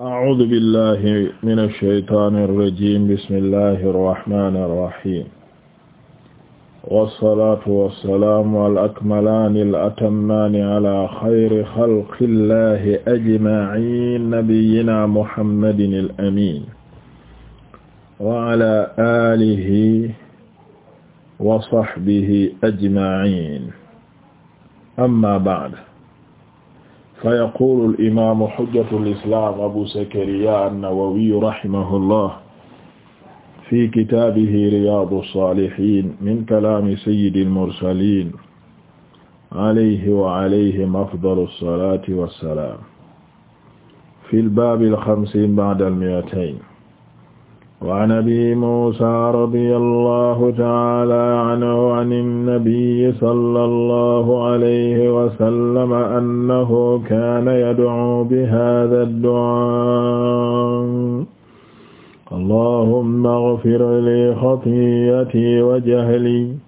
أعوذ بالله من الشيطان الرجيم بسم الله الرحمن الرحيم والصلاة والسلام الأكملان الأتمان على خير خلق الله أجمعين نبينا محمد الأمين وعلى آله وصحبه أجمعين أما بعد fa yaqulu al-imaamu hujjatu al-islaam abu zakariyaa an-nawawi rahimahullah fi kitaabihi riyaadu saalihiin min kalaami sayyidil mursaliin alayhi wa alayhim afdalu salaati wa salaam fil baabil xamsiin ba'dal mi'atayn waan abi muusa radiyallahu ta'ala anhu ani nabiyyi sallallahu alayhi wa sallam annahu kaana yad'uu bi haadha ad-du'aa allahumma ighfir lii khati'atii wa jahlii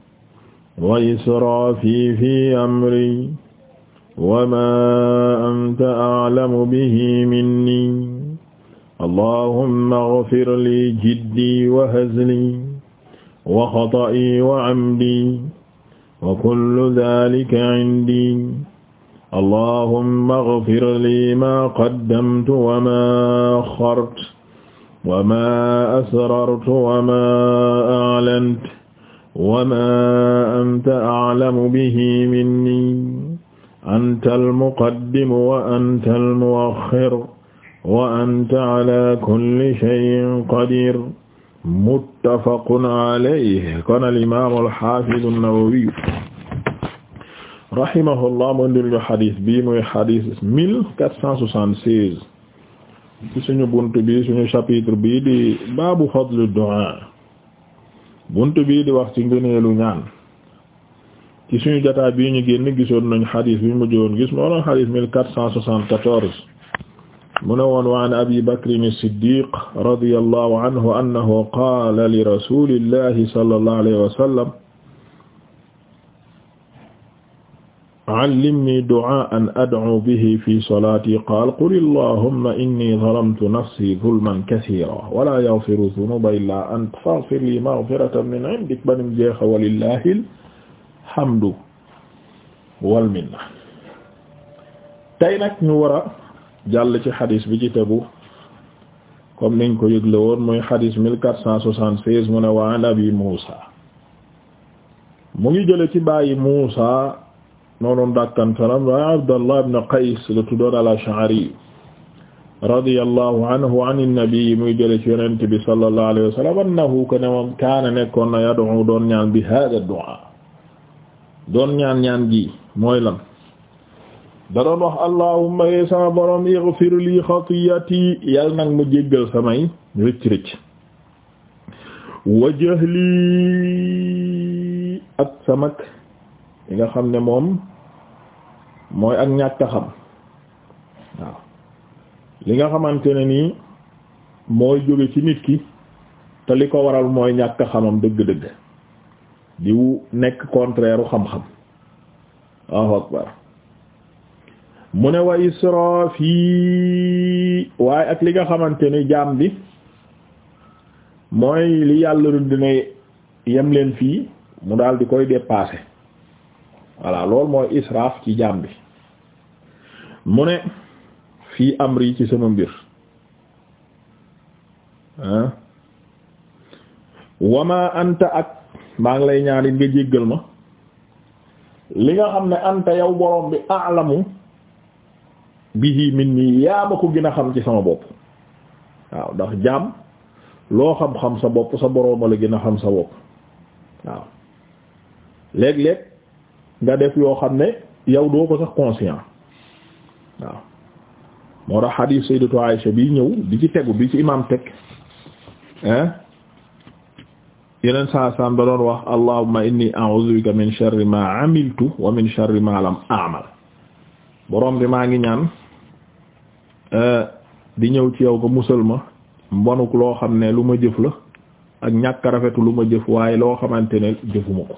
wa israafii fii amrii wa maa anta a'lamu bihi minnii allahumma ghfir li jiddi wa hazli wa xata'i wa amdi wa kullu dhalika indi allahumma ghfir li ma qaddamtu wa ma axxartu wa ma asrartu wa ma a'lantu wa ma anta a'lamu bihi minni anta al-muqaddimu wa anta al-mu'axxiru wa anta ala kulli shay'in qadir muttafaqun alayhi kon al-imaam al-haafiz an-Nawawi rahimahullah mu ndil ñu xadis bi muy xadis mille quatre cent soixante-seize ci suñu bunt bi suñu chapitre bi di baabu fadlu du'a bunt bi di wax ci ngëneelu ñaan ci suñu jotaay bi ñu génn gisoon nañ xadis bi mu joon gis moo doon xadis mille quatre cent soixante-quatorze mu ne woon wa an abi bakrin as-siddiq radiyallahu anhu annahu qaala li rasulillahi sallallahu alayhi wa sallam allimni du'aan ad'u bihi fi salati qaala qul allahumma inni zalamtu nafsi zulman kasiira wa laa yaghfiru zunuba illaa anta faghfir li maghfiratan min 'indik banim jeexa walillahi alhamdu wal minna tey nag ñu wara jàll ci xadis bi ci tegu comme niñ ko yëgle woon mooy xadis mille quatre cent soixante-seize mu ne wa an abi Muusa mu ngi jële ci bàyyi Muusa noonu dàkkantalam wa Abdallah ibn Qays la tuddoon al-Ash'ari radiyallahu anhu an an-nabi muy jële ci yonent bi sallallahu alayhi wa sallam annahu ko ne moom kaana nekkoon na yad'u doon ñaan bi hada du'a doon ñaan ñaan gi mooy lan da doon wax allahumma yee sama borom ighfir li xatiyati yal nag mu jéggal samay rëcc rëcc wa jahli ak mag yi nga xam ne moom mooy ak ñàkk a xam waaw li nga xamante ne nii mooy jóge ci nit ki te li ko waral mooy ñàkk a xamam dëgg-dëgg diw nekk contraire xam-xam waaw akbar mu ne wa israfi waaye ak li nga xamante ni jaam bi mooy li yàlla rëdd ne yem leen fii mu daal di koy dépasser voilà lool mooy israaf ci jaam bi mu ne fii amri ci sama mbir ah wama anta ak maa ngi lay ñaan it nga jéggal ma li nga xam ne anta yow borom bi alamu bihi min nii yaa ma ko gën a xam ci sama bopp waaw ndax jaam loo xam-xam sa bopp sa borooma la gën a xam sa bopp waaw léeg-léeg nga def yoo xam ne yow doo ko sax conscient waaw moo tax hadith sayyidatu Aisha bi ñëw di ci tegu bi ci imam teg ah yeneen saa saam da wax allahumma inni a'udhu bika min sharri ma amiltu wa min sharri ma lam a'mal borom bi maa ngi ñaan Euh, di ñëw ci yow ko musal ma mbonuk loo xam ne lu ma jëf la ak ñàkk rafetu lu ma jëf waaye loo xamante ne jëfuma ko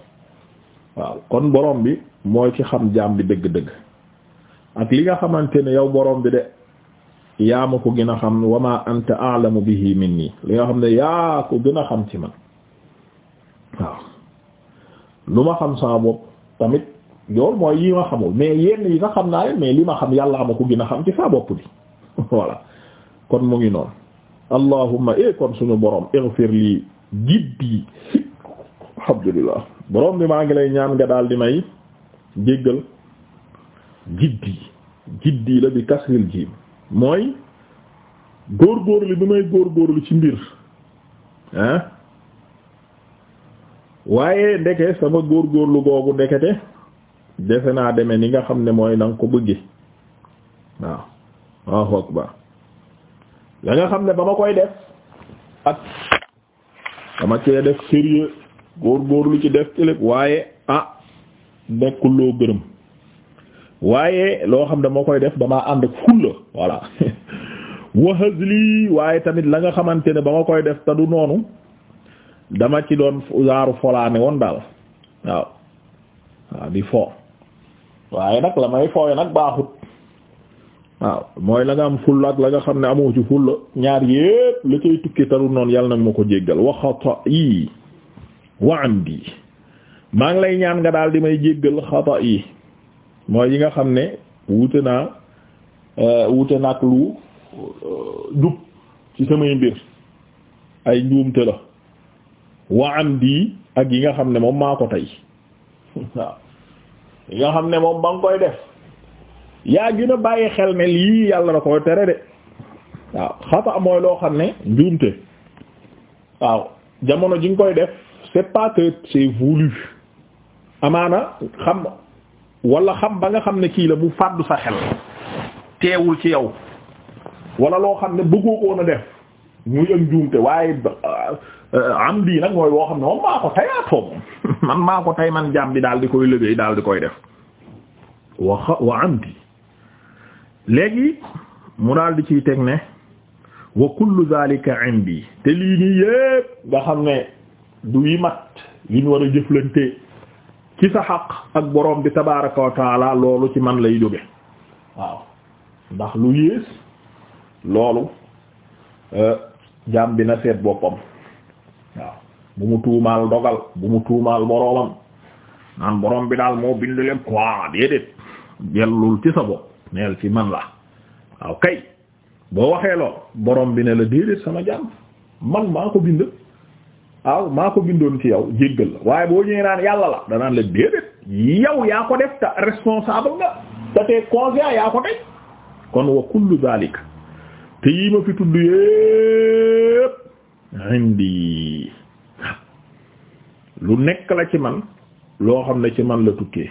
waaw kon borom bi mooy ci xam jaam bi dëgg-dëgg ak li nga xamante ne yow borom bi de yaa ma ko gën a xam wa ma anta a'lamu bihi minni li nga xam ne yaa ko gën a xam ci man waaw lu ma xam sama bopp tamit loolu mooy yi ma xamul mais yenn yi nga xam naa leen mais li ma xam yàlla ma ko gën a xam ci saa bopp bi voilà kon mu ngi noonu allahumma e kon suñu borom ighfir lii jibbi alhamdulillah boroom bi maa ngi lay ñaan nga daal di may jéggal jiddi jiddi la bi kasril jiim mooy góor góorgóorlu bi may góor góorgóorlu ci mbir ah waaye ndeke sama góorgóorlu googu ndekete defe naa deme ni nga xam ne mooy na ko bëgge waaw Allahu akbar la nga xam ne ba ma koy def ak dama cee def sérieux góorlu ci def ci lépp waaye ah nekkul loo gërëm waaye loo xam ne dama koy def damaa ànd ak fulla voilà wa waaye tamit la nga xamante ne ba ma koy def te du noonu dama ci doon genre folaane woon daal waaw waaw di fo waaye nag la may fooy nag baaxut waaw mooy la nga am fulla ak la nga xam ne amoo ci fulla ñaar yépp la koy tukki taru noonu yàlla nag ma ko jéggal wa xata'i wa amdi maa ngi lay ñaan nga daal di may jéggal yi mooy yi nga xam ne wuute naa euh, wuute nag lu euh, jub ci samay mbir ay njuumte la wa amdi ak yi nga xam ne moom maa ko tey waaw yi nga xam ne moom ba nga koy def yaa gën a bàyyi xel ne lii yàlla da koy tere de waaw xata mooy loo xam ne njuumte waaw jamono ji nga koy def c'est pas que c'est amaana xam wala xam ba nga xam ne kii la bu fàddu sa xel teewul ci yow wala loo xam ne bëggoo ko woon def muy ak njuumte waaye euh, am bii nag mooy woo xam ne moom maa ko tayaatoo moom man maa ko tay man jaam bi daal di koy liggéey daal di koy def wa wa am bi léegi mu daal di ciy teg ne wa kullu zalika indi te lii nii yépp nga xam ne du yi mat yi ñu war ci sa xaq ak borom bi tabaraka wa taala loolu ci man lay jóge waaw ndax lu yées loolu euh, jaam bi na seet boppam waaw bu mu tuumaal dogal bu mu tuumaal boromam naan borom bi daal moo bind lépp quoi déedéet dellul ci sa bopp neel ci man la waaw kay boo waxee lool borom bi ne la déedéet sama jaam man maa ko bind waaw maa ko bindoon ci yow jéggal la waaye boo ñëwee naan yàlla la danaan la déedéet yow yaa ko def te responsable nga te tee yaa ko tey kon wa kullu zalika te ma fi tudd yépp indi lu nekk la ci man loo xam ne ci man la tukkee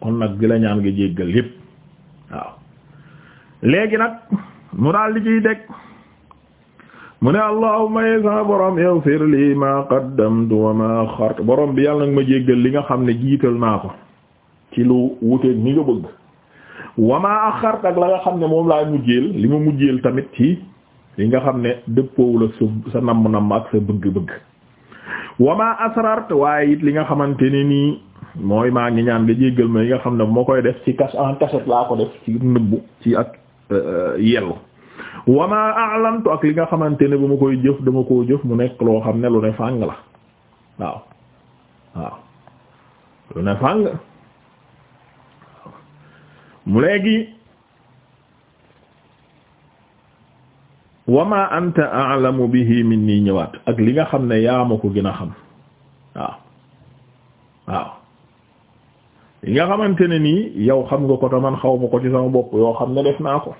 kon nag di la ñaan yépp waaw léegi nag mu daal di ciy deg mu ne allahumma ye sama borom yaghfir li ma qaddamtu wa ma axartu borom bi yàlla nag ma jéggal li nga xam ne jiital naa ko ci lu wuteeg ni nga bëgg wa ma axartu ak la nga xam ne moom laa mujjeel li ma mujjeel tamit ci li nga xam ne dëppoowul ak sa sa namm ak sa bëgg-bëgg wa ma waaye it li nga xamante ni nii mooy maa ngi ñaan nga jéggal ma yi nga xam ne moo koy def ci cache en cachette laa ko def ci nëbbu ci ak Euh, yellu wama a'lamtu ak li nga xamante ne bu ma koy jëf dama koo jëf mu nekk loo xam ne lu ne fàng la waaw waaw lu ne fàng mu léegi wama anta a'lamu bihi minni ñëwaat ak li nga xam ne yaa ma ko gën a xam waaw waaw yi nga xamante ne nii yow xam nga ko te man xaw ma ko ci sama bopp yoo xam ne def naa ko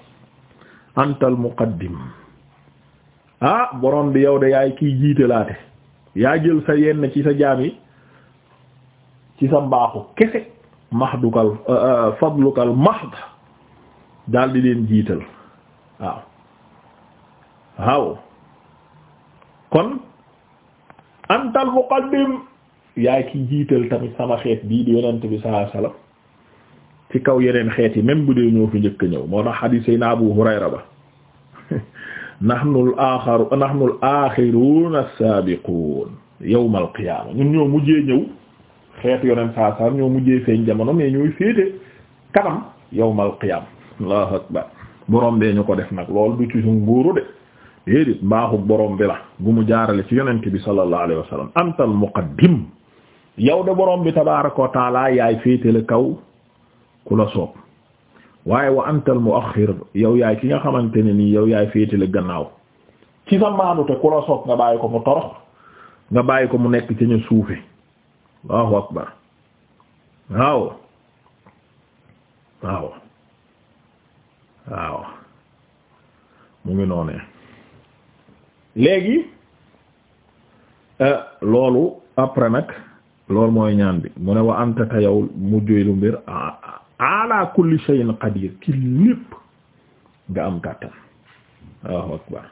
antal muqaddim ah borom bi yow de yaay kiy jiitalaate yaa jël sa yenn ci sa jaam yi ci sa mbaaxu kese mahdukal euh, euh, fadlukal mahd daal di leen jiital waaw waaw kon antal muqaddim yaa ki jiital tamit sama xeet bii di yonent bi sallallahu ci kaw yeneen xeet yi même bu dee ñoo fi njëkk ñëw moo tax xadiis yi na Abu Hurayra ba nahnul aaxaru nahnul aaxiruun as-saabiquun yawmal qiyaama ñun ñoo mujjee ñëw xeet yonent saa ñoo mujjee feeñ jamono mais ñooy féete kanam yawmal qiyaama allahu akbar borom bee ñu ko def nag lool du ci suñu de déedéet mbaaxu borom bi la bu mu jaarale ci yonent bi sallallahu alayhi wa sallam antal yow de borom bi tabaaraka wa yaay féetale kaw ku la soob waaye wa antal muaxir yow yaay ki nga xamante ne nii yow yaay féetale gannaaw ci sa maanu ku la soob nga bàyyi ko mu torox nga bàyyi ko mu nekk ci ñu suufe allahu akbar waaw waaw waaw mu ngi noonee léegi euh, loolu après nag loolu mooy ñaan bi mu ne wa anta ta yow mujjéelu mbir ala kulli shay'in qadir ci lépp nga am kàttan Allahu akbar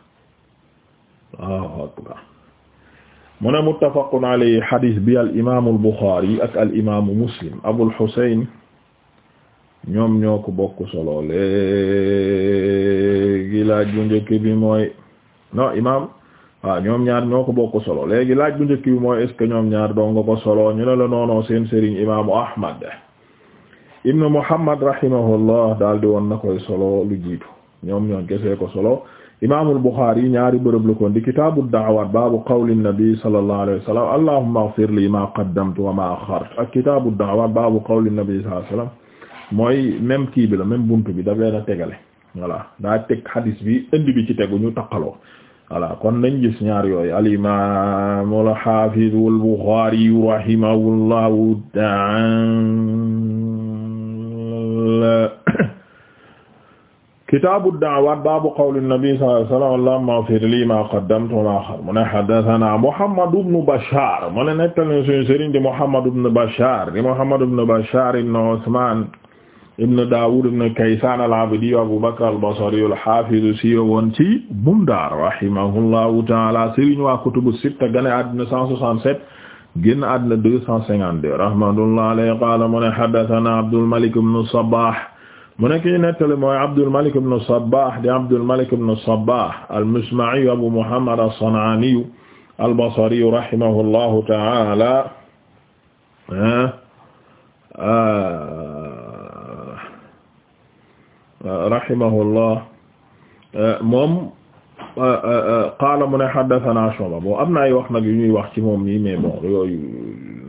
Allahu akbar mu ne muttafaqun alayhi hadis bi al imaamu ak al Muslim Abul Husayn ñoom ñoo ko bokk solo léegi laaj bu njëkk bi mooy non imaam waaw ah, ñoom ñaar ñoo ko bokk solo léegi laaj bu njëkk bi mooy est ñoom ñaar doon nga ko solo ñu ne la noonoo seen sëriñ imaamu Ahmad ibnu Muhammad rahimahullah daal di woon na koy solo lu jiitu ñoom ñoo gesee ko solo imaamul Buxaari ñaari bërëb la ko ndi kitaabu da'awaat baabu qawli nabi sallallahu alayhi wa sallam allahumma ighfir li ma qaddamtu wa ma axxartu ak kitaabu da'awaat baabu qawli nabi sallallahu alayhi mooy même kii bi la même buntu bi daf leen a tegale voilà daa teg ci tegu ñu taqaloo voilà kon nañ gis ñaar yooyu al imam al hafiz al Bukhari rahimahullahu ta'ala kitaabu da'awaat baabu qawli nabi sallallahu alayhi wa sallam allahumma ighfir li ma qaddamtu wa ma akhartu mu ne haddathana Muhammad ibn Bashar mu ne nettali suñu sëriñ di Muhammad ibn Bashar di Muhammad ibn Bashar ibn Usman ibn Daawud ibn Kaysaan al-Abdi Abu Bakr al-Basri al-Haafiz siiwe woon ci Bundaar rahimahullahu ta'aala sëriñ waa kutubu sitta gane àddina 167 génn àddina 252 rahmatullahi alayhi qaala mu ne haddathanaa Abdul Malik ibn Sabbaah mu ne kii nettali mooy Abdul Malik ibn Sabbaah di Abdul Malik ibn Sabbaah al-Misma'i Abu Muhammad as-San'aani al-Basri rahimahullahu ta'aala ah, ah, rahimahullah moom qaala mu ne haddathana Shu'ba bon am na ay wax nag yu ñuy wax ci moom nii mais bon yooyu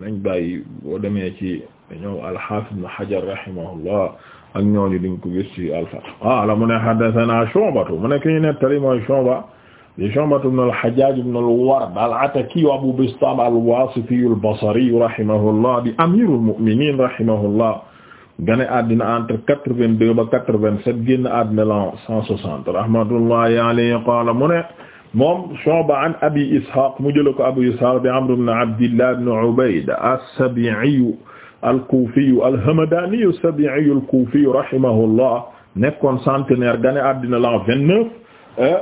nañ bàyyi boo demee ci ñoom al-Hafiz Ibn Hajar rahimahullah ak ñooñu diñ ko gis ci al-Fath qaala mu ne haddathana Shu'ba mu ne ki ñu nettali mooy Shu'ba di Shu'ba ibn al-Hajjaj ibn al-Ward al-Ataki Abu Bistam al-Wasiti al-Basri rahimahullah di amirul mu'minin rahimahullah gane àddina entre quatre-vingt-deux ba quatre-vingt-sept génn àddina l'an cent soixante rahmatullahi alayhi qaala mu ne moom Shu'ba an Abi Ishaq mu jël ko Abu Ishaq bi Amr ibn Abdillah ibn Ubayd as-Sabi'i al-Kufi al-Hamdani as-Sabi'i al-Kufi rahimahullah nekkoon centenaire gane àddina l'an vingt-neuf eh,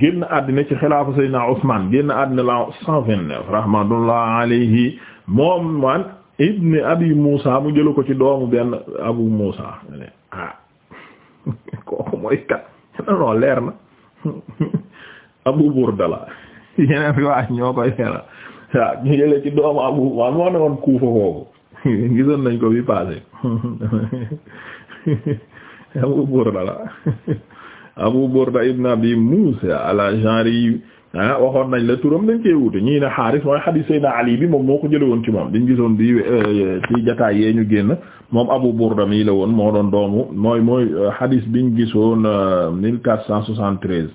génn àddina ci xilaafa Sayyidina Usman génn àddina l'an cent vingt-neuf rahmatullahi alayhi moom man ibni abi Muusa mu jëlu ko ci doomu benn abu Muusa ne ah kooku mooy kat non leer na abu Burda la yeneen riwaay ñoo koy leeral waaw ah, ñu jëlee ci doomu abu man moo ne woon kuufa kooku gisoon nañ ko bi abu Burda abu Burda ibn abi Muusa al-Ash'ari ah waxoon nañ la turam dañ cee wuute ñii ne xaaris mooy xadiis Seydina Ali bi moom moo ko jële woon ci moom dañ gisoon bi euh, ci jataay yee ñu génn moom Abu Burda mii la woon moo doon doomu mooy mooy euh, xadiis biñ gisoon 1473 euh,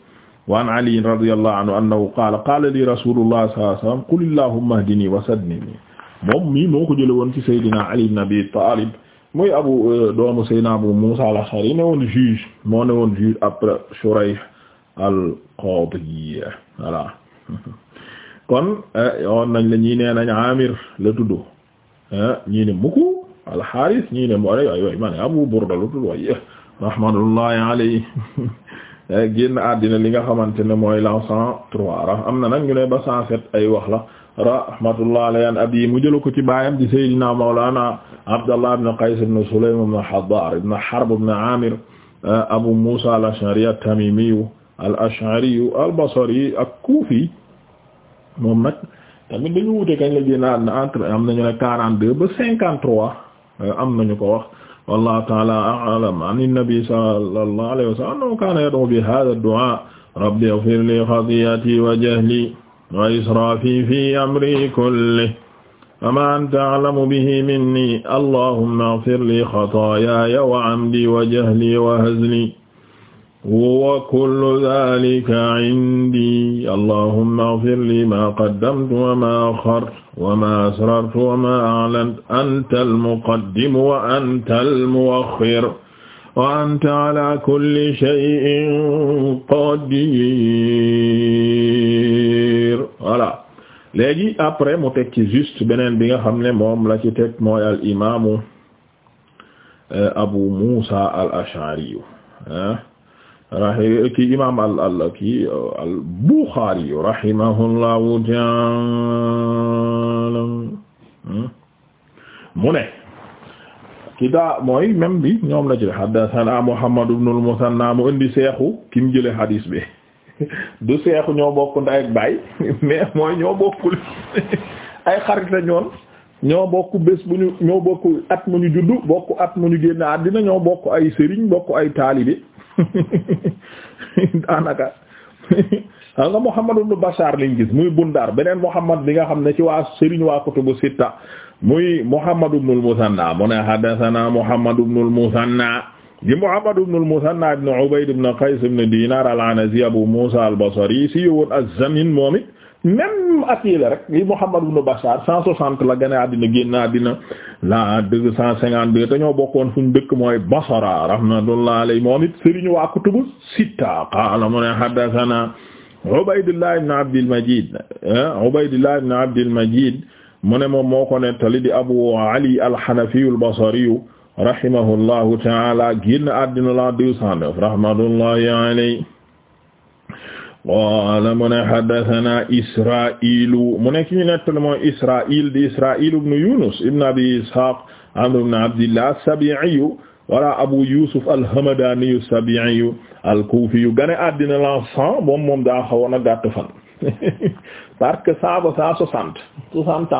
wa an Ali radiyallahu anhu annahu qaala qaala li rasulullah sallallahu alayhi wasallam qul allahumma ihdini wa saddidni moom mii moo ko jële woon ci Seydina Ali ibn Abi Talib muy abu doomu Seydina Abu Musa al-Ash'ari ne woon juge moo ne woon juge après Shurayh al al-Qadi kon eh, yoon nañ la ñii nee nañ Amir la tudd eh, ñii ne muku al-Harith ñii Abu Burda la tudd waay rahmatullahi alayhi eh, génn àddina li nga xamante ne mooy lan cent am na nag ñu ba cent ay wax la rahmatullah alayhi abi mu jëlu ko ci baayam di sayyidina mawlana Abdallah ibn Qays ibn Sulaym ibn Abu Musa al-Ash'ari at-Tamimi al ash'ari al basri ak kuufi moom nag tamit dañu wute kañ la génn entre am nañu ne quarante deux ba cinquante trois euh, am nañu ko wax wallahu ta'ala a'lam an nabi sallallahu alayhi wa sallam annahu kana yad'u bi hadha ad-du'a rabbi ighfir li khati'ati wa jahli wa israfi fi amri kullihi wa ma anta a'lamu bihi minni allahumma ighfir li khataayaya wa 'amdi wa jahli wa hazli wa kullu dhalika indi allahumma ighfir li ma qaddamtu wa ma akhartu wa ma asrartu wa ma a'lantu anta al-muqaddim wa anta al-mu'akhkhir wa anta ala kulli shay'in qadir voilà léegi après mu teg ci juste beneen bi nga xam ne moom la ci teg mooy al imaamu euh, Abu Musa al-Ash'ari ah ki imam al al ki al Bukhari rahimahullahu ta'ala hmm? mu ne daa mooy même bi ñoom la ci haddathana Muhammad ibn al-Muthanna mu indi seexu kim jële hadis bi du seexu ñoo bokk nday ak baay mais mooy ñoo bokkul ay xarita ñoon ñoo bokk bés bu ñu ñoo bokk at mu ñu juddu bokk at mu ñu génn àddina ñoo bokk ay sëriñ bokk ay taalibe daanaka xam nga Muhammad ibn Bashar liñ muy Bundar beneen Muhammad bi nga xam ne ci waa sëriñ waa sitta muy Muhammad ibn al-Musanna mu ne haddathana Muhammad ibn al-Musanna di Muhammad Qays ibn Dinar al Abu Musa al si yowoon az-Zamin moom même at yi la rek li Muhammad ibn Bashar cent soixante la gane àddina génn àddina la deux cent cinquante deux te ñoo bokkoon fu ñu dëkk mooy Basra rahmatullah alayhi moom it sëriñu waa kutubu sitta qaala mu ne haddathana Ubaydullah ibn Abdil Majid ah, Ubaydullah ibn Abdil Majid mu ne moom moo ko nettali di Abu Ali al-Hanafi al-Basri rahimahullahu ta'ala génn àddina la deux cent neuf rahmatullahi alayhi qaala mu ne haddasanaa Israa'iilu mu ne ki ñu nettali mooy Israa'iil di Israa'iil ibn Yunus ibn Abi Ishaaq Amr ibn Abdillah as-Sabii'i wala Abu Yuusuf al-Hamdaani as-Sabii'i al-Kuufi gane àddina la cent moom moom daa xawoon a gàtt fan parce que cent ba cent soixante soixante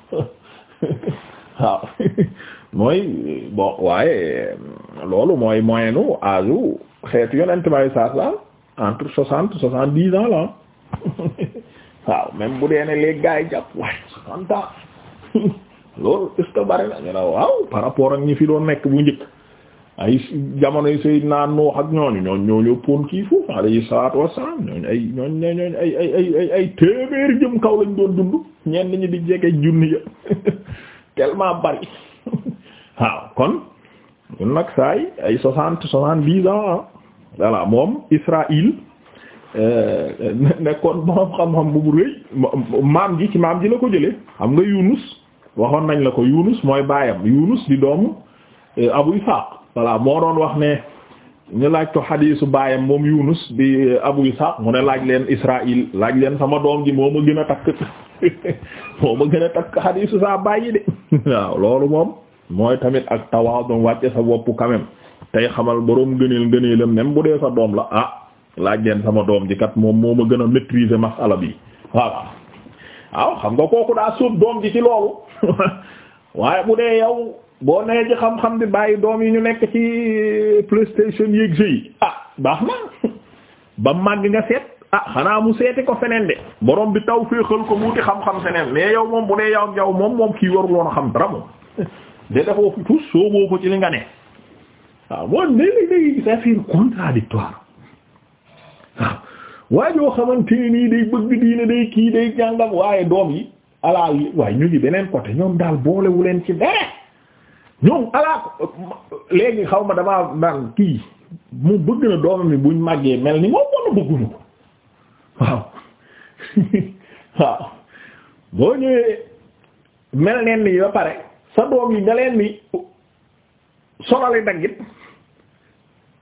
mooy bon waaye loolu mooy moyenu âge xeetu yonent may saasaan entre soixante soixante dix ans la waaw même bu dee ne léegi gars jàpp waaye soixante ans loolu est ce bari na ñu ne waaw par rapport ak ñi fi doon nekk bu njëkk ay jamonoy Seydina Nuux ak ñooñu ñooñ ñooñu pon kii foofu alayhi salaatu wassalaam ñooñu ay ñooñ ñooñ ay ay jëm kaw lañ doon dund ñenn ñi di jege junni ya tellement bari waaw kon ñun nag saay ay soixante soixante dix ans ah. voilà moom Israël euh, nekkoon borom xam-xam bu rëy maam ji ci maam ji la ko jëlee xam nga Yunus waxoon nañ la ko Yunus mooy baayam Yunus di doomu euh, Abu Ishaq voilà moo doon wax ne ñu laaj ko xadiisu baayam moom Yunus bi euh, Abu Ishaq mu ne laaj leen Israël laaj leen sama doom ji moo ma gën a takk moo ma gën a takk xadiisu saa baay yi de waaw loolu moom mooy tamit ak tawaadu wàcce sa woppu quand tey xamal boroom gëneel ngëneelam même bu dee sa doom la ah laaj leen sama doom ji kat moom moo ma gën a maîtriser masala bi voilà waaw xam nga kooku daa suub doom ji ci loolu waaye bu dee yow boo nee ci xam-xam bi bàyyi doom yi ñu nekk ci euh, PlayStation yeeg jeux ah baax na ba màgg nga seet ah xanaa mu seeti ko feneen de boroom bi taw féexal ko muuti xam-xam feneen mais yow moom bu dee yow ak yow moom moom kii waruloon a xam dara moom de defoo fi tous soo boo nga ne waaw moom léeg-léeg day gis affaire contradictoire waaw waaye yoo xamante nii day bëgg diine day kii day jàngam waaye doom yi alaa yi waaye ñu ngi beneen côté ñoom daal boolewu leen ci dara ñoom alaa léegi xaw ma dama naan kii mu bëgg na doomam yi buñ màggee mel ni moom wala bëgguñu ko waaw waaw boo ñëwee mel neen ni ba pare sa doom yi nga leen ni solali daggit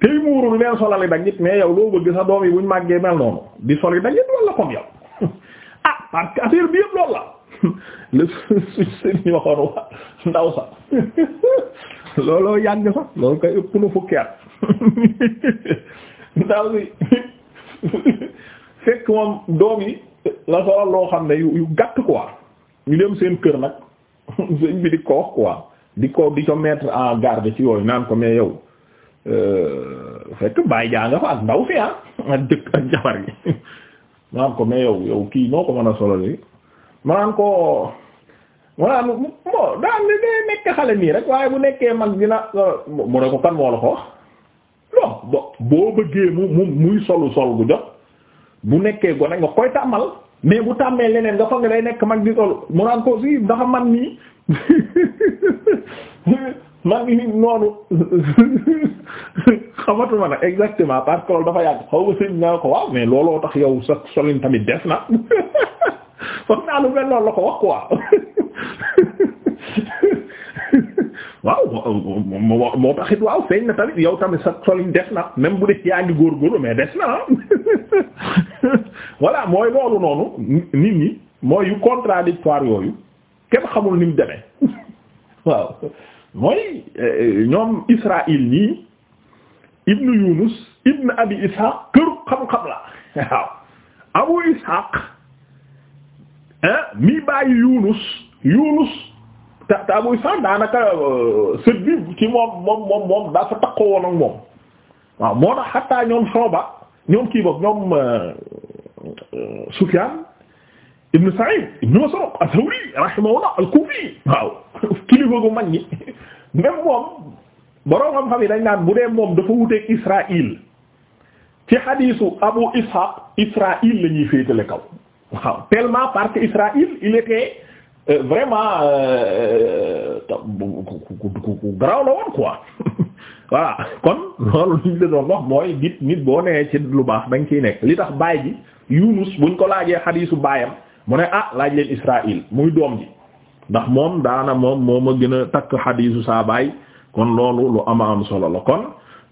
tey muurul leen solali daggit mais yow loo bëgg sa doom yi buñ màggee mel noonu di soli daggit wala comme yow ah parce que affaire bi yëpp loolu la le suñ sëriñ waxoon wa ndaw sax looloo yàgg sax loolu ko ëpp na fekk moom doom yi la solal loo xam ne yu yu gàtt quoi ñu dem seen kër nag sëñ bi di ko wax quoi di ko di ko en garde ci yooyu naan ko mais yow Euh, fekk bàyyi jaa nga fa ak ndaw fi ah ak jëkk ak jabar yi maanaam ko mais yow yow kii noo ko mën a solo yi maanaam ko maanaam moo daan waaye bu nekkee mag dina euh, mu ne ko kan moo la bo boo bëggee mu mu muy solu sol bu jot bu nekkee gone nga koy tàmmal mais bu tàmmee leneen nga foog nga day nekk mag di solu mu naan ko si ndax man nii maa ngi noonu xamatuma nag exactement parce que loolu dafa yàgg xaw ma sëñ naa ko waaw mais looloo tax yow sa solin tamit des na foog naa moo moo taxit yow tamit sa solin des na même bu dee yaa ngi góorgóorlu mais des na ah voilà mooy loolu noonu nit ñi mooy yu contradictoire yooyu kenn xamul ni mu demee waaw mooy euh, ñoom Israaïl ñii ibnu Yunus ibnu Abi Ishaq këru xam-xam la waaw Abu mi bàyyi Yunus Yunus te te Abu Ishaq daanaka euh, sët ci moom moom moom moom daa fa takkoo woon ak moom waaw moo tax xataa ñoom Soba ñoom kii boog ñoom euh, Sufyaan ibnu Sa'id ibnu Masruq as-Sawri rahimahullah al-Kufi waaw kilifa gu mag même moom boroom xam-xam yi dañ naan bu dee moom dafa wuteeg Israaïl ci xadiisu Abu Ishaq Israaïl la ñuy féetale kaw waaw tellement parce que Israaïl il était euh, vraiment euh, euh, ku garaaw la woon quoi voilà kon loolu liñ la doon wax mooy nit nit boo nee ci lu baax da nga ciy nekk li tax baay ji Yunus buñ ko laajee xadiisu baayam mu ne ah laaj leen Israaïl muy doom ji ndax moom daana moom moo ma gën takk xadiisu saa kon loolu lu ama am solo la kon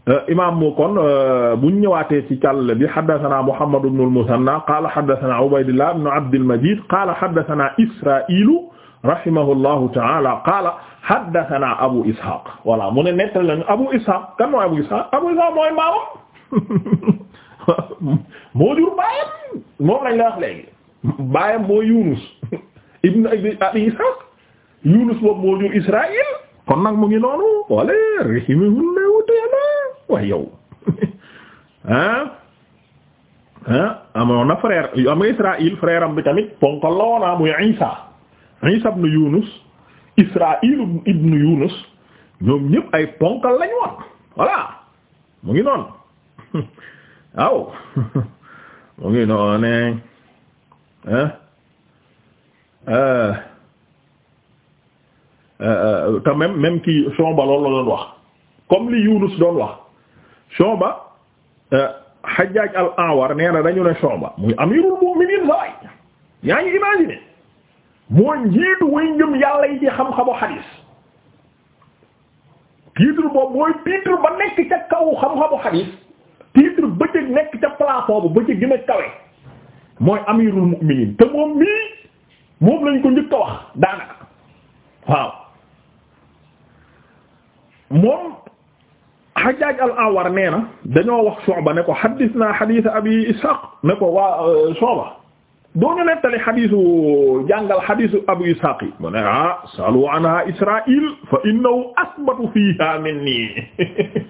euh, imaam mu kon euh, buñ ñëwaatee ci bi haddathana Muhammad ibn al-Muthanna qaala haddathana Ubaydullah ibn Abd al-Majid qaala haddathana Israa'ilu rahimahullahu ta'ala qaala haddathana Abu Abu Ishaq kan mooy Abu Ishaq moo jur baayam Ishaq Yunus boobu moo jur Israël kon nag mu ngi noonu wala rahimahum wuteyana waaye yow ah ah amoon na frère am nga Israël frère bi tamit ponkal la woonaa ah, muy Isa Isa ibn Yunus Israël ibn Yunus ñoom ñëpp ay ponkal lañ woon voilà mu ngi noonu waaw mu ngi noonee ah euh. Euh, euh, te même même kii Shu'ba loolu doon wax comme li Yunus doon wax Shu'ba euh, Hajjaj al-Anwar nee na dañu ne Shu'ba muy amirul mu'minin waay yaa ngi imaginer moo njiitu way ngëm yàlla yi ci xam-xamu xadiis titre boobu mooy titre ba nekk ca kaw xam-xamu xadiis titre ba ca nekk ca plafond ba ca gën kawe mooy amirul mu'minin te moom mii moom lañ ko njëkk a wax daanaka waaw moom Hajjaj al-Awar nee na dañoo wax Shu'ba ne ko haddithna hadith Abi Ishaq ne ko waa euh, Shu'ba doo ñu nettali xadiisu jàngal xadiisu Abu Isaaq yi mu ne ah salu anha Israa'il minni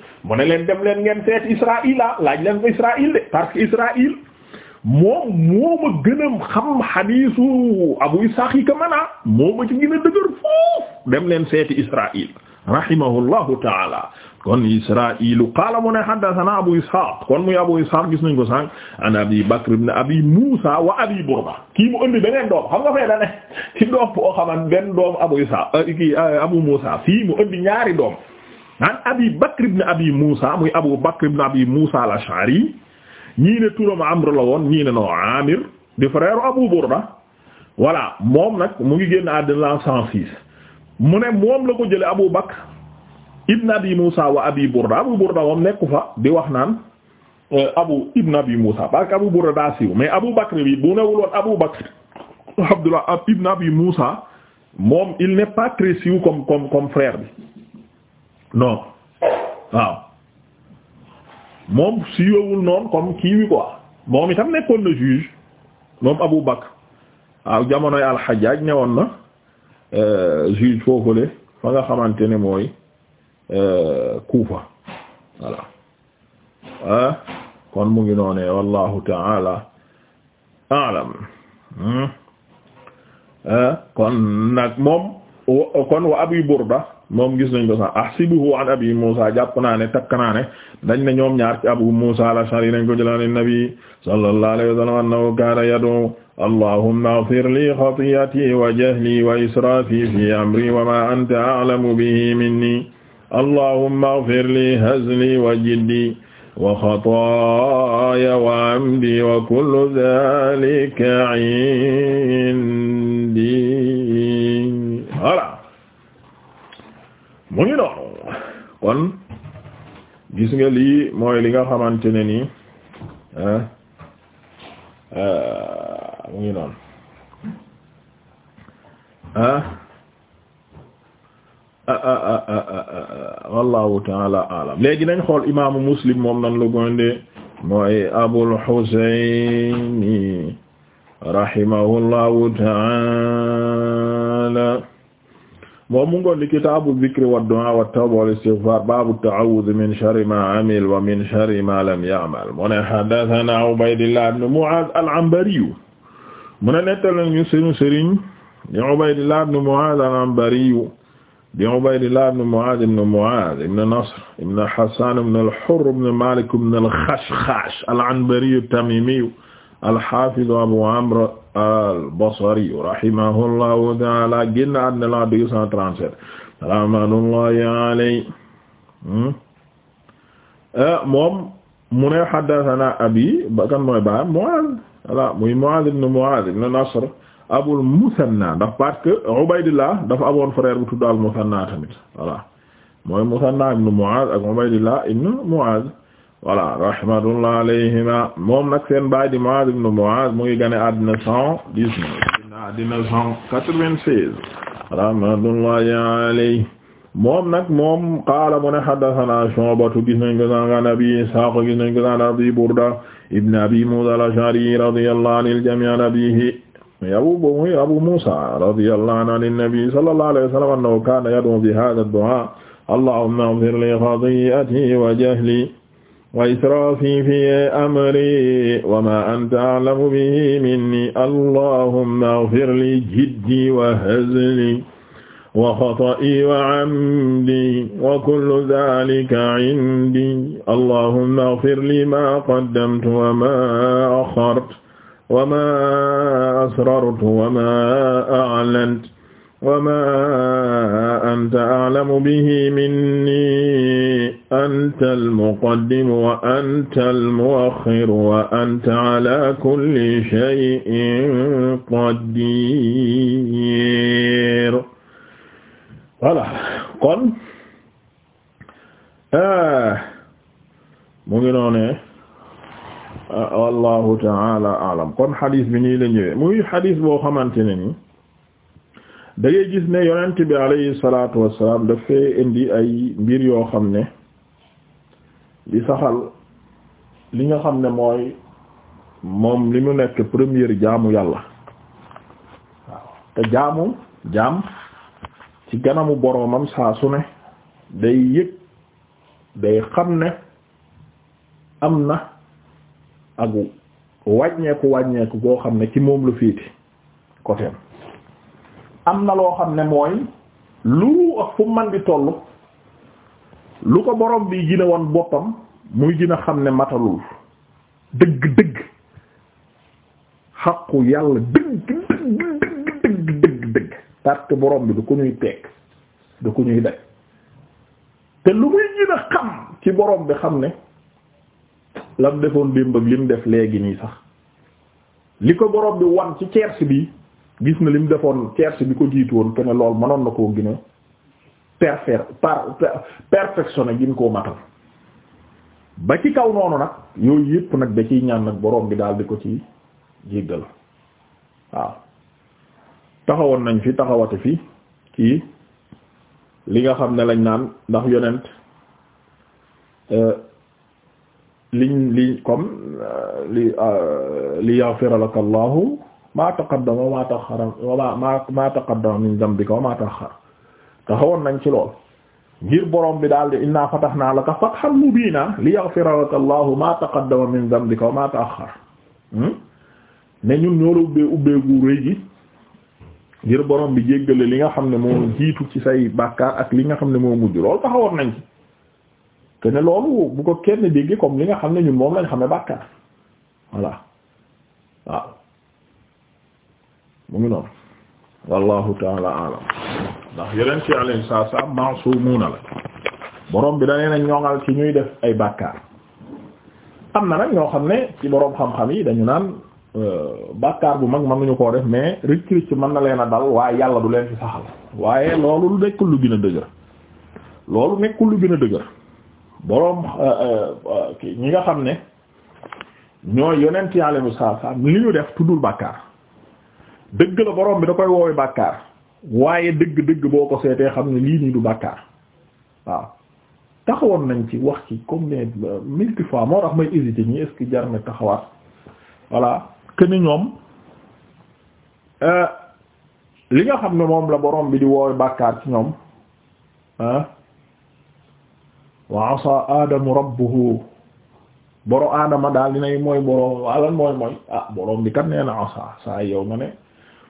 mu leen dem leen ngeen seet Israa'il la laaj leen ko Israa'il de parce que Israa'il moom moo ma gën a xam xadiisu gën a dëgër foofu dem leen seeti rahimahullahu taala kon israilu qaala mu ne hadathana abou ishaq kon muy abou ishaq gis nañ an abi bakr ibn abi moussa wa abi bourda kii mu andi beneen doom xam nga fee dane ci doom boo xaman benn doom abou ishaq euh, ki euh, abou moussa fii mu andi ñaari doom an abi bakr ibn abi moussa muy abou bakr ibn woon ñii no amir di frère abou bourda moom nag mu ngi génn àddina la cent six mu ne moom la ko jële Abu Bakr ibn Abi Musa wa Abi Burda Abu Burda moom nekku fa di wax naan euh, Abu ibn Abi Musa parce que Abu Burda daa siiw mais Abu Bakr bi bu newul woon Abu Bakr Abdullah ibn Abi Musa moom il n'est pas très siiw comme comme comme frère bi non waaw moom siiwewul noonu comme kii wi quoi moom itam nekkoon na juge moom Abu Bakr waaw jamonoy al-Hajjaj newoon na Euh, juge foofule fa nga xamante ne mooy euh, Kufa voilà ah kon mu ngi noonee wallahu taala alam hmm? ah, kon nag moom kon wa Abi Burda moom gis nañ ko sax ahsibuhu Musa jàpp naa ne takk naa ne dañ ne ñoom ñaar ci Abu Musa al-Ash'ari nañ ko jëlaan nabi sallallahu alayhi wa sallam kaana yad'u allahumma ighfir li khati'ati wa jahli wa israfi fi amri wa ma anta a'lamu bihi minni allahumma ighfir li hazli wa jiddi wa khataaya wa amdi wa kullu dhalika 'indi voilà mu ngi noonu kon gis nga lii mooy li nga xamante ne nii ah, ah, mu ngi noonu ah? Ah, ah, ah wallahu taala alam léegi nañ xool imaamu muslim moom nan lu gonde mooy abul husayn rahimahullahu taala moom mu ngoon di kitaabu zikri wa du'a wa tawba wal istighfar baabu ta'awudh min sharri ma amil wa min sharri ma lam ya'mal mu ne haddathana ubaydillah ibn mu'adh al-anbari mu ne nettal nañu sunu sëriñ di Ubaydillah ibn Mu'adh al-Anbari di Ubaydillah ibn Mu'adh ibn Mu'adh ibn Nasr ibn Hassan ibn al-Hurr ibn Malik ibn al-Khashkhash al-Anbari at-Tamimi al-Hafiz Abu Amr al-Basri rahimahullahu ta'ala génn àddina la 237 rahmatullahi alayhi hmm? eh, moom mu ne haddathana abi bakan mooy ba Mu'adh voilà muy Mu'aaz ibn Mu'aaz ibn Nasr Abul Musanna ndax parce que Ubaydillah dafa amoon frère bu tudd al Musanna tamit voilà mooy Musanna ibn Mu'aaz ak Ubaydillah ibn Mu'aaz voilà rahmatullah alayhima moom nag seen baay di Mu'aaz ibn Mu'aaz mu ngi gane àddina cent dix-neuf àddina cent quatre-vingt-seize rahmatullahi alayhi moom nag moom qaala mu ne haddathana Shu'batu gis nañ ko sànq an Abi Isaaq gis nañ ko sànq Abi Burda ibn abi musa al-ash'ari radiyallahu anil jami' an abihi abu muy abu musa radiyallahu anhu an nabi sallallahu alayhi wa sallam annahu kana yad'u bi hadha ad-du'a allahumma ighfir li khati'ati wa jahli wa israfi fi amri wa ma anta a'lamu bihi minni allahumma ighfir li jiddi wa hazli wa xata'i wa amdi wa kullu dhalika indi allahumma ighfir li ma qaddamtu wa ma akhartu wa ma asrartu wa ma a'lantu wa ma anta a'lamu bihi minni anta al-muqaddimu wa anta al-mu'akhkhiru wa anta 'ala kulli shay'in qadir voilà kon euh, mu ngi noonee wallahu euh, taala alam kon xadis bi nii la ñëwee muy xadis boo xamante ne ni da ngay gis ne yonent bi alayhi salaatu wassalaam dafay indi ay mbir yoo xam ne di saxal li nga xam ne mooy moom li mu nekk première jaamu yàlla waaw te jaamu jaam ci ganamu boroomam saa su ne day yëg day xam ne am na ak wàññeeku wàññeeku koo xam ne ci moom lu féete côté am na loo xam ne mooy lu ak fu man di lu ko borom bi gën a woon boppam muy gën a xam ne matalul dëgg dëgg xaqu yàlla dëgg parce que borom bi du ko ñuy peek du ko ñuy daj te lu muy gën a xam ci borom bi xam ne lam defoon démb ak lim def léegi nii sax li ko borom bi wan ci cerce bi gis na lim defoon cerce bi ko jiitu woon te lool mënoon na koo gën a perfeer par perfectionné gin koo matal ba ci kaw noonu nag yooyu yëpp nag da ciy ñaan nag borom bi daal di ko ci jéggal waaw taxawoon nañ fi taxawate fi kii li nga xam ne lañ naan ndax yonent euh, liñ euh, li comme euh, li li yaghfira laka allahu ma taqaddama wa ma ta'akhkhara ma ma taqaddama min dhanbika wa ma ta'akhkhara taxawoon nañ ci lool ngir boroom bi daal di inna fatahna laka fathan mubina li yaghfira laka allahu ma taqaddama min dhanbika wa ma ta'akhkhara hmm? ne ñun ñoo la ubbee ubbee gu gi ngir boroom bi jéggale li nga xam ne moo jiitu ci say bàkkaar ak li nga xam ne moo mujj loolu taxawoon nañ ci te ne loolu bu ko kenn déggee comme li nga xam ne ñun moom lañ xamee bàkkaar voilà waaw mu ngi noonu wallahu taala alam ndax yeneen ci alayhi salaatu salaam ma'sumuuna la borom bi da nee na ñoŋal ci ñuy def ay bàkkaar am na nag ñoo xam ne ci boroom xam-xam yi dañu naan Euh, bàkkaar bu mag mën nañu ko def mais rëcc rëcc mën na leen a dal waaye yàlla du leen ci saxal waaye loolu lu nekkul lu gën a dëgër loolu nekkul lu gën a dëgër boroom euh, euh, ñi nga xam ne ñoo yeneen yonent yàlla mu saa saa li ñu def tuddul bàkkaar dëgg la boroom bi da koy woowe bàkkaar waaye dëgg dëgg boo ko seetee xam ne lii nii du bàkkaar waaw taxawoon nañ ci wax ci comme ne mille fois moo tax may hésiter ñi est-ce que jar na taxawaat voilà que ñoom euh, li nga xam ne moom la boroom bi di woowe bàkkaar ci ñoom ah wa asa aadamu rabbuhu boro aadama daal dinay mooy boroom waalan mooy mooy ah borom bi kat nee na saa yow ma ne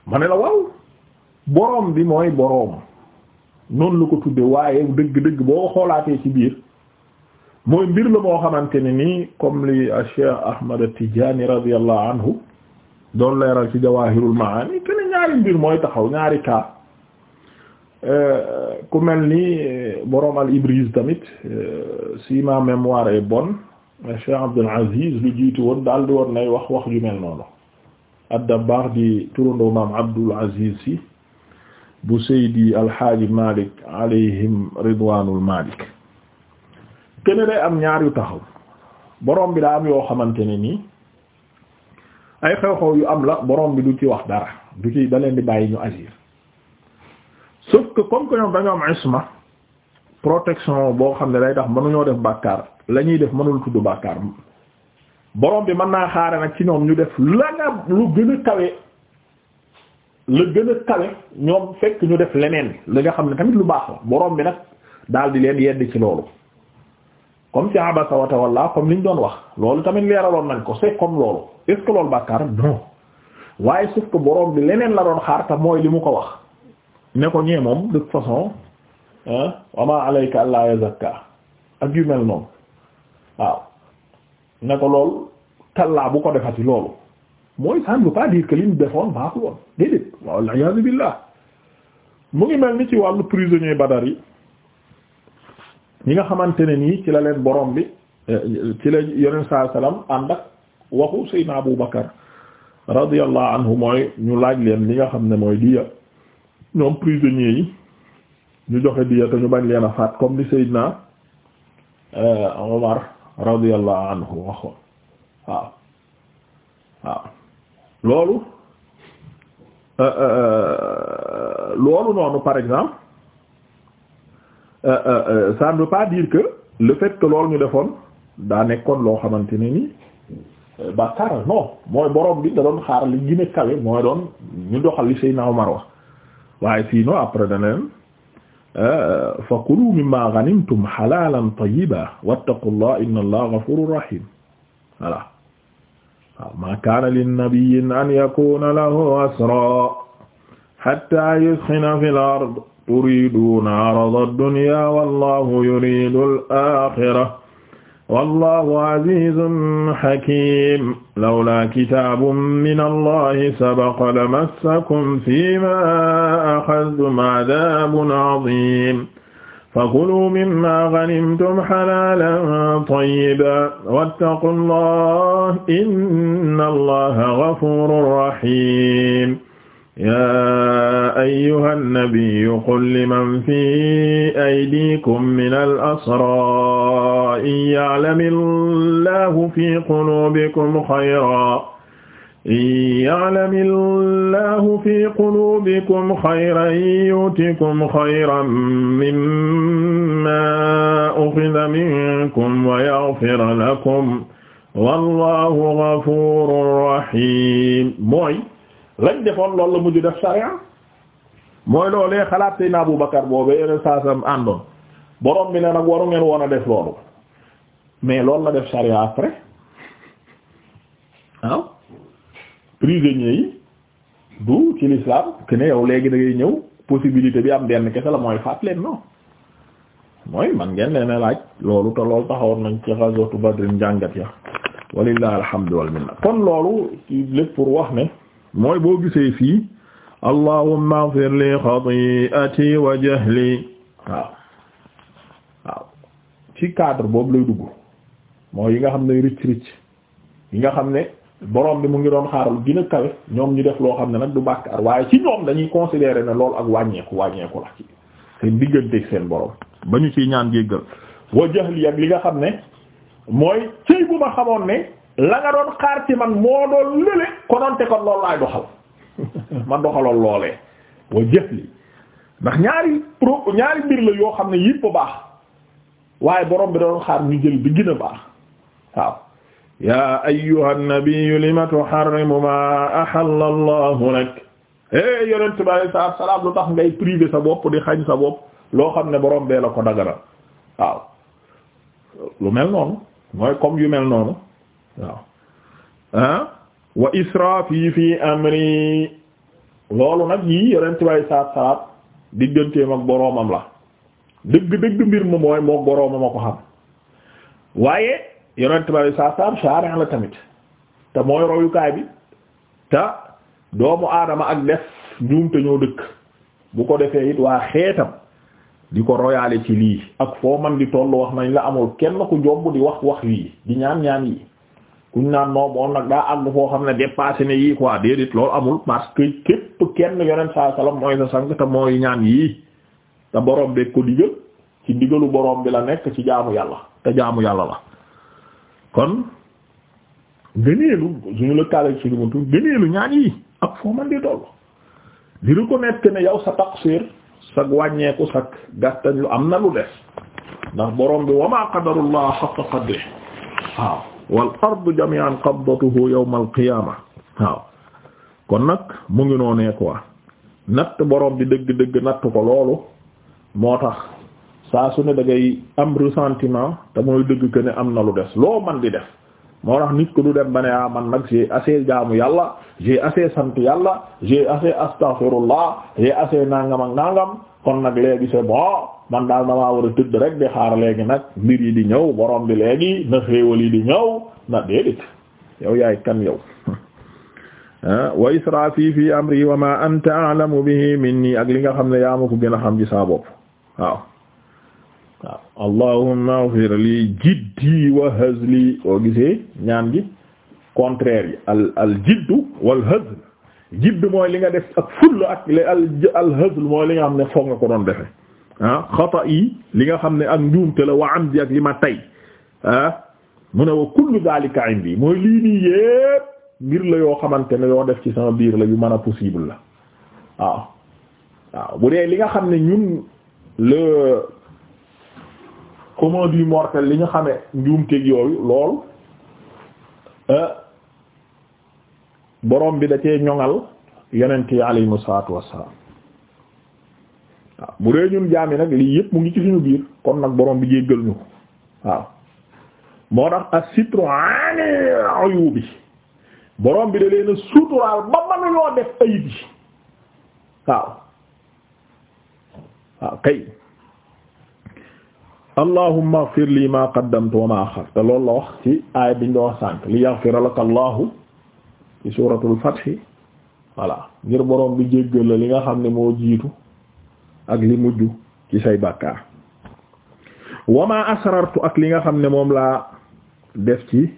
ma ne la waaw borom bi mooy boroom noonu la ko tudde waaye dëgg-dëgg boo xoolaatee ci biir mooy mbir la moo xamante ne nii comme li Cheikh Ahmad Tidiane radiyallahu anhu doon leeral ci jawahirul maani te ñaari mbir mooy taxaw ñaari cas euh, ku mel ni euh, borom al Ibriz tamit euh, si ma mémoire est bonne Cheikh Abdul Aziz lu jiitu woon daal di woon nay wax wax ju mel noonu ad-Dabbar di turandoo maam Abdul Aziz bu Seydi alxaaji Malik alayhim ridwanul Malik kene day am ñaar yu taxaw borom bi daa am yoo xamante ne nii ay xew-xew yu am la borom bi du ci wax dara du ci da leen di bàyyi ñu agir sauf que comme que ñoom dañoo isma protection boo xam ne day tax mënuñoo def bàkkaar la ñuy def mënul tudd bàkkaar borom bi mën naa xaare nag ci ñoom ñu def la nga lu gën a kawe la gën a kawe ñoom fekk ñu def leneen li nga xam ne tamit lu baax la borom bi nag daal di leen yedd ci loolu comme ci abasa wa tawalla comme liñ doon wax loolu tamit leeraloon nañ ko c'est comme loolu est-ce que loolu bàkkaar non waaye sauf que borom bi leneen la doon xaar te mooy li mu ko wax ne ko ñee moom de toute façon wa ma alayka alla yazakka ak yu mel noonu waaw ne ko loolu kallaa bu ko defati loolu mooy ça ne veut pas dire li ñu defoon baaxul woon déedéet waaw aliyasu billah mu ngi mel ni ci wàllu prisonnier Badar yi ñi nga xamante ne nii ci la leen borom bi eh, ci la yeneen saa salaam ànd ak waxu Seydina Abu Bakar radiyallahu anhu mooy ñu laaj leen li nga xam ne mooy diya ñoom prisonniers yi ñu joxe diya te ñu bañ leen a faat comme li Seydina euh, Omar radiyallahu anhu waxoon waaw waaw loolu euh, euh, loolu noonu par exemple ça pas dire que le fait que loolu ñu defoon daa nekkoon loo xamante ne ni bàkkaar non mooy borom bi da doon xaar li gën a kawe mooy doon ñu doxal li Seydina Omar wax waaye sinon après dana leen eh, fa kulu mimma ghanimtum halalan tayyiban wattaqullaha inna allaha ghafurur rahim voilà waaw ma kana linnabiyyin an yakuna lahu asra hatta yuskhina fil ard turiduna arada ad-dunya wallahu yuridul akhirah wallahu azizun hakim lawla kitabun min allahi sabaqa lamassakum fima axadtum adabun azim fakulu mimma ganimtum halalan tayyiban wattaqu allah inna allaha gafurun rahim yaa ayyuhan nabiyyu qul liman fii aydiikum minal asraa in ya'lamillaahu fii quluubikum xayran in ya'lamillaahu fii quluubikum xayran yu'tikum xayran mimmaa ukhidha minkum wa yaghfir lakum wallaahu ghafuurun rahiim lañ defoon loolu la mujj def sharia mooy loolee xalaat seen Abu Bakar boobu yeneen saa sam àndoon borom bi ne nag waru ngeen woon a def loolu mais loolu la def sharia après waaw prisonniers yi du ci l'islam que ne yow léegi da ngay ñëw possibilité bi am benn kese la mooy faat leen non mooy man ngeen leen laaj loolu te loolu taxawoon nañ ci ghazwatu Badr njàngat ya walillahi alhamdu wal minna kon loolu lépp pour wax ne. mooy boo gisee fii allahumma ighfir li xati'ati wa jahli waaw waaw ci cadre boobu lay dugg mooy yi nga xam ne ricc ricc yi nga xam ne boroom bi mu ngi doon xaaral gën kawe ñoom ñu def loo xam ne nag du bàkkaar waaye ci ñoom dañuy considérer ne loolu ak wàññeeku wàññeeku la ci seen digganteeg seen borom ba ñu ciy ñaan jéggal wa jahli ak li nga xam ne mooy cëy bu ma xamoon ne la nga doon xaar ci man moo doon lële kononte kon lool laay doxal ma doxaloon loolee wa jëf li ndax ñaari pro ñaari mbir la yoo xam ne yëpp a baax waaye borom bi da doon xaar ñu jël bi gën a baax waaw yaa ayyuha nabiyyu lima tuharrimu ma ahalla allahu lak é eh, yonent bi alei salaatu salaam lu tax ngay privé sa bopp di xañ sa bopp loo xam ne boroom bee la ko dagana waaw lu mel noonu mooy comme yu mel noonu waaw wa israafi fi amri loolu nag yii yonent way saat saat digganteem ak boroomam la dëgg dëgg mbir mu mooy moo boroomam a ko xam waaye yonent way saat saat sharin la tamit te mooy royukaay bi te doomu aadama ak def njuumte ñoo dëkk bu ko defee it waa xeetam di ko royaale ci lii ak foo man di tollu wax nañ la amul kenn ku jomb di wax wax yii di ñaan ñaan yi kuñ naan non moom nag daa àgg foo xam ne dépassé ne yii quoi déedéet loolu amul parce que képp kenn yonent saa salaam mooy sa sang te mooy ñaan yii te borom beeg ko digal ci digalu borom bi la nekk ci jaamu yàlla te jaamu yàlla la kon gëneelu suñu la kaaleeg suñu buntu gëneelu ñaan yii ak foo man di toll di reconnaître ne yow sa taqsir sag wàññeeku sag gàttañ lu am na lu des ndax borom bi wa ma qadarullah haqqa qadri waaw wal ardu jami'an qabdatuhu yawmal qiyaama waaw kon nag mu ngi noo noonee quoi natt boroom bi dëgg-dëgg natt ko loolu moo tax saa su ne da ngay am ressentiment te mooy dëgg que ne am na lu des loo man di def moo tax nit ko du dem ba ne ah, man nag j'ai assez jaamu yàlla j'ai assez sant yàlla j'ai assez astaghfirullah j'ai assez nangam ak nangam kon nag léegi c'est bon man daal damaa war a tëdd rek di xaar léegi nag mbir yi di ñëw borom bi léegi na yi di ñëw na déedéet yow yay kan yow ah, wa israfi fi amri wa ma anta a'lamu bihi minni ak nga xam ne yaa ma ko gën xam ci saa waaw waaw allahumma ighfir li jiddi wa hazli boo gisee ñaan gi contraire yi al al wa wal hazl jidd mooy li nga def ak full ak l al hazl mooy li nga xam ne foog nga ko doon defe ah xata yi li nga xam ne ak njuum la wa amdi ak ma tay ah mu ne wa kullu mooy lii la yoo xamante ne yoo def ci sama biir la yu mën a la waaw waaw bu dee li nga xam ne ñun le commun du mortel li ñu xamee njuumteeg yooyu loolu eh, borom bi da cee ñoŋal yeneen yi alayhimu salaatu wassalaam waaw bu dee ñun jaam yi nag lii yëpp mu ngi ci suñu biir kon nag borom bi jéggal ñu ko waaw moo tax as-sitru an uyubi borom bi da leen a suturaal ba mënuñoo def ayib yi waaw waaw kay. allahumma ighfir li ma qaddamtu wa ma axartu te la wax ci aay biñ la wax sànk li yaghfira laka allahu ci suuratul fath voilà ngir borom bi jéggal la li nga xam ne moo jiitu ak li mujj ci say bàkkaar wa ma asrartu ak li nga xam ne moom laa def ci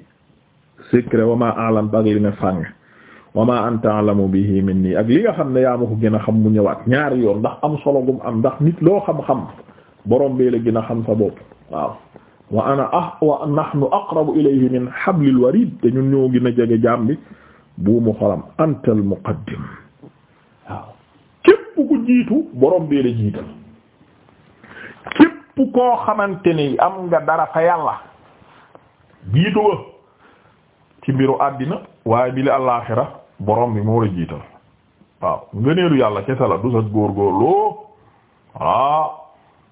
secret wa ma a'lam ak li ne fàng wa ma anta a'lamu bihi minni ak li nga xam ne yaa ma ko gën a xam mu ñëwaat ñaari yoon ndax am solo gum am ndax nit loo xam-xam borom bee la gën a xam sa bopp waaw wa ana ah wa nahnu aqrabu ilayhi min hablil warid te ñun ñoo gën a jege jaam bi buumu xolam antal muqaddim waaw képp ku jiitu borom bee la jiital képp koo xamante ni am nga dara fa yàlla jiitu ba ci mbiru àddina waaye bi li àllaaxira borom bi moo la jiital waaw ngëneelu yàlla kese la du sa góorgóorloo ah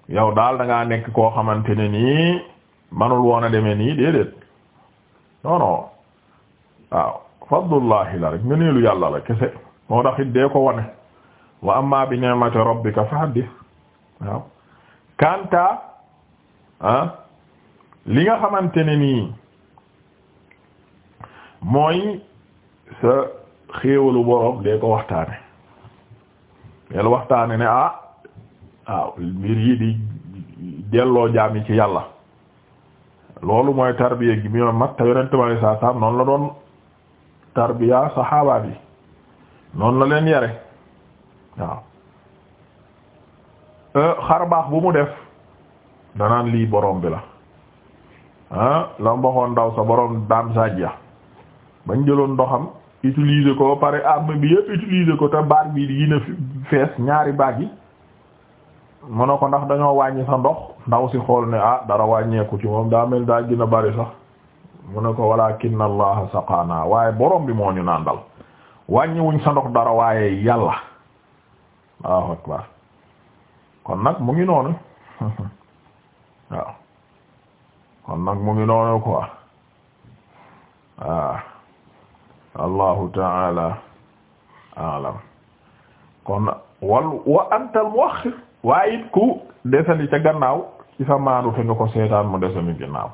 yow daal da nekk koo xamante ne nii manul woon a demee nii déedéet non non la rek ngëneelu yàlla la kese moo tax dee ko wane wa amma bi ni'mati rabbika fa haddith kanta ah li nga xamante ne nii mooy sa xéewalu dee ko waxtaane yel waxtaane ne ah waaw mbir yii di delloo jaami ci yàlla loolu mooy tarbiya gi mu mat te yonent bi alayhi salaatu salaam noonu la doon tarbiya saxaaba bi noonu la leen yare waaw e, xar baax bu mu def danaan lii borom bi la ah la mboxoon ndaw sa borom daam sajja bañ jëloon ndoxam utiliser ko ba pare arme bi yëpp utiliser ko te baag bi yi na fees ñaari baag yi mu ne ko ndax dañoo wàññi sa ndox ndaw si xool ne ah dara wàññeeku ci moom daa mel daa gën a bari sax mu ne ko walakinna allaha saqaana waaye borom bi moo ñu naan dal wàññiwuñ sa ndox dara waaye yàlla waaw akbar kon nag mu ngi noonu waaw kon nag mu ngi alam kon wal wa antal muaxir waaye it ku desandi ca gannaaw ci sa maanu te nga ko seetaan mu desandi gannaaw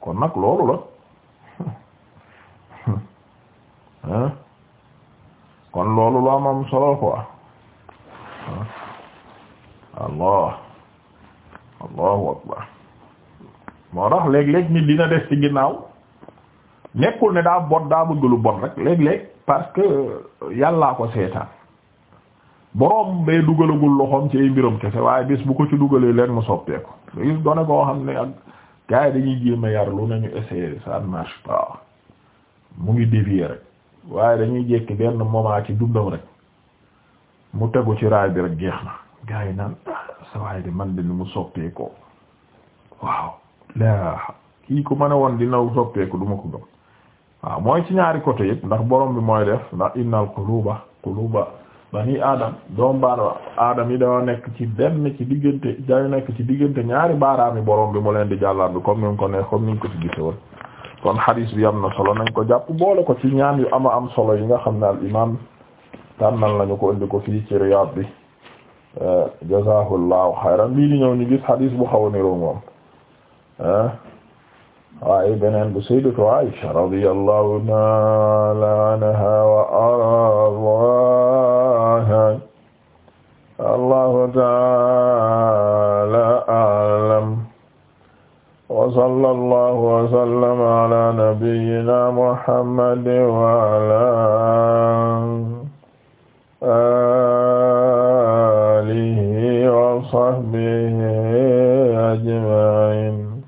kon nag loolu la hein kon loolu la moom solo quoi allah allahu akbar moo tax léeg-léeg nit dina des ci ginnaaw nekkul ne daa bon daa bëgg bon rek léeg-léeg parce que yàllaa ko seetaan boroom bee dugalagul loxoom ci ay mbiram kese waaye bis bu ko ci dugalee leen mu soppeeku lu gis gone koo xam ne ak gars yi dañuy jéem a yar lu nañu essayer ça ne marche mu ngi dévier rek waaye dañuy jekki benn moment ci dundam rek mu tegu ci raay bi rek jeex na gars yi naan ah, sa waaye de man de ni mu soppeekoo waaw laa kii ku mën a won dina soppeeku du ma ko gëm waaw mooy ci ñaari côté yëpp ndax borom bi mooy def ndax innal quluba quluba bani adam doom baara adam yi dañoo nekk ci benn ci diggante dañoo nekk ci diggante ñaari baaraami borom bi mu leen di jàllar bi comme ko ne comme niñ ko ci gise kon hadis bi am na solo nañ ko jàpp boole ko ci ñaan yu ama am solo yi nga xam ne al imam tànnal lañu ko indi ko fii ci Riyad bi euh, jazahullahu xayran bii di ñëw ñu gis hadis bu xaw a niroo moom euh, waaye beneen bu sayyidatu Aisha radiyallahu ta'ala anha wa arda النهار الله تعالى أعلم وصلى الله وسلم على نبينا محمد وعلى آله وصحبه أجمعين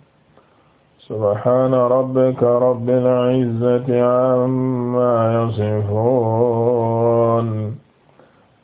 سبحان ربك رب العزة عما يصفون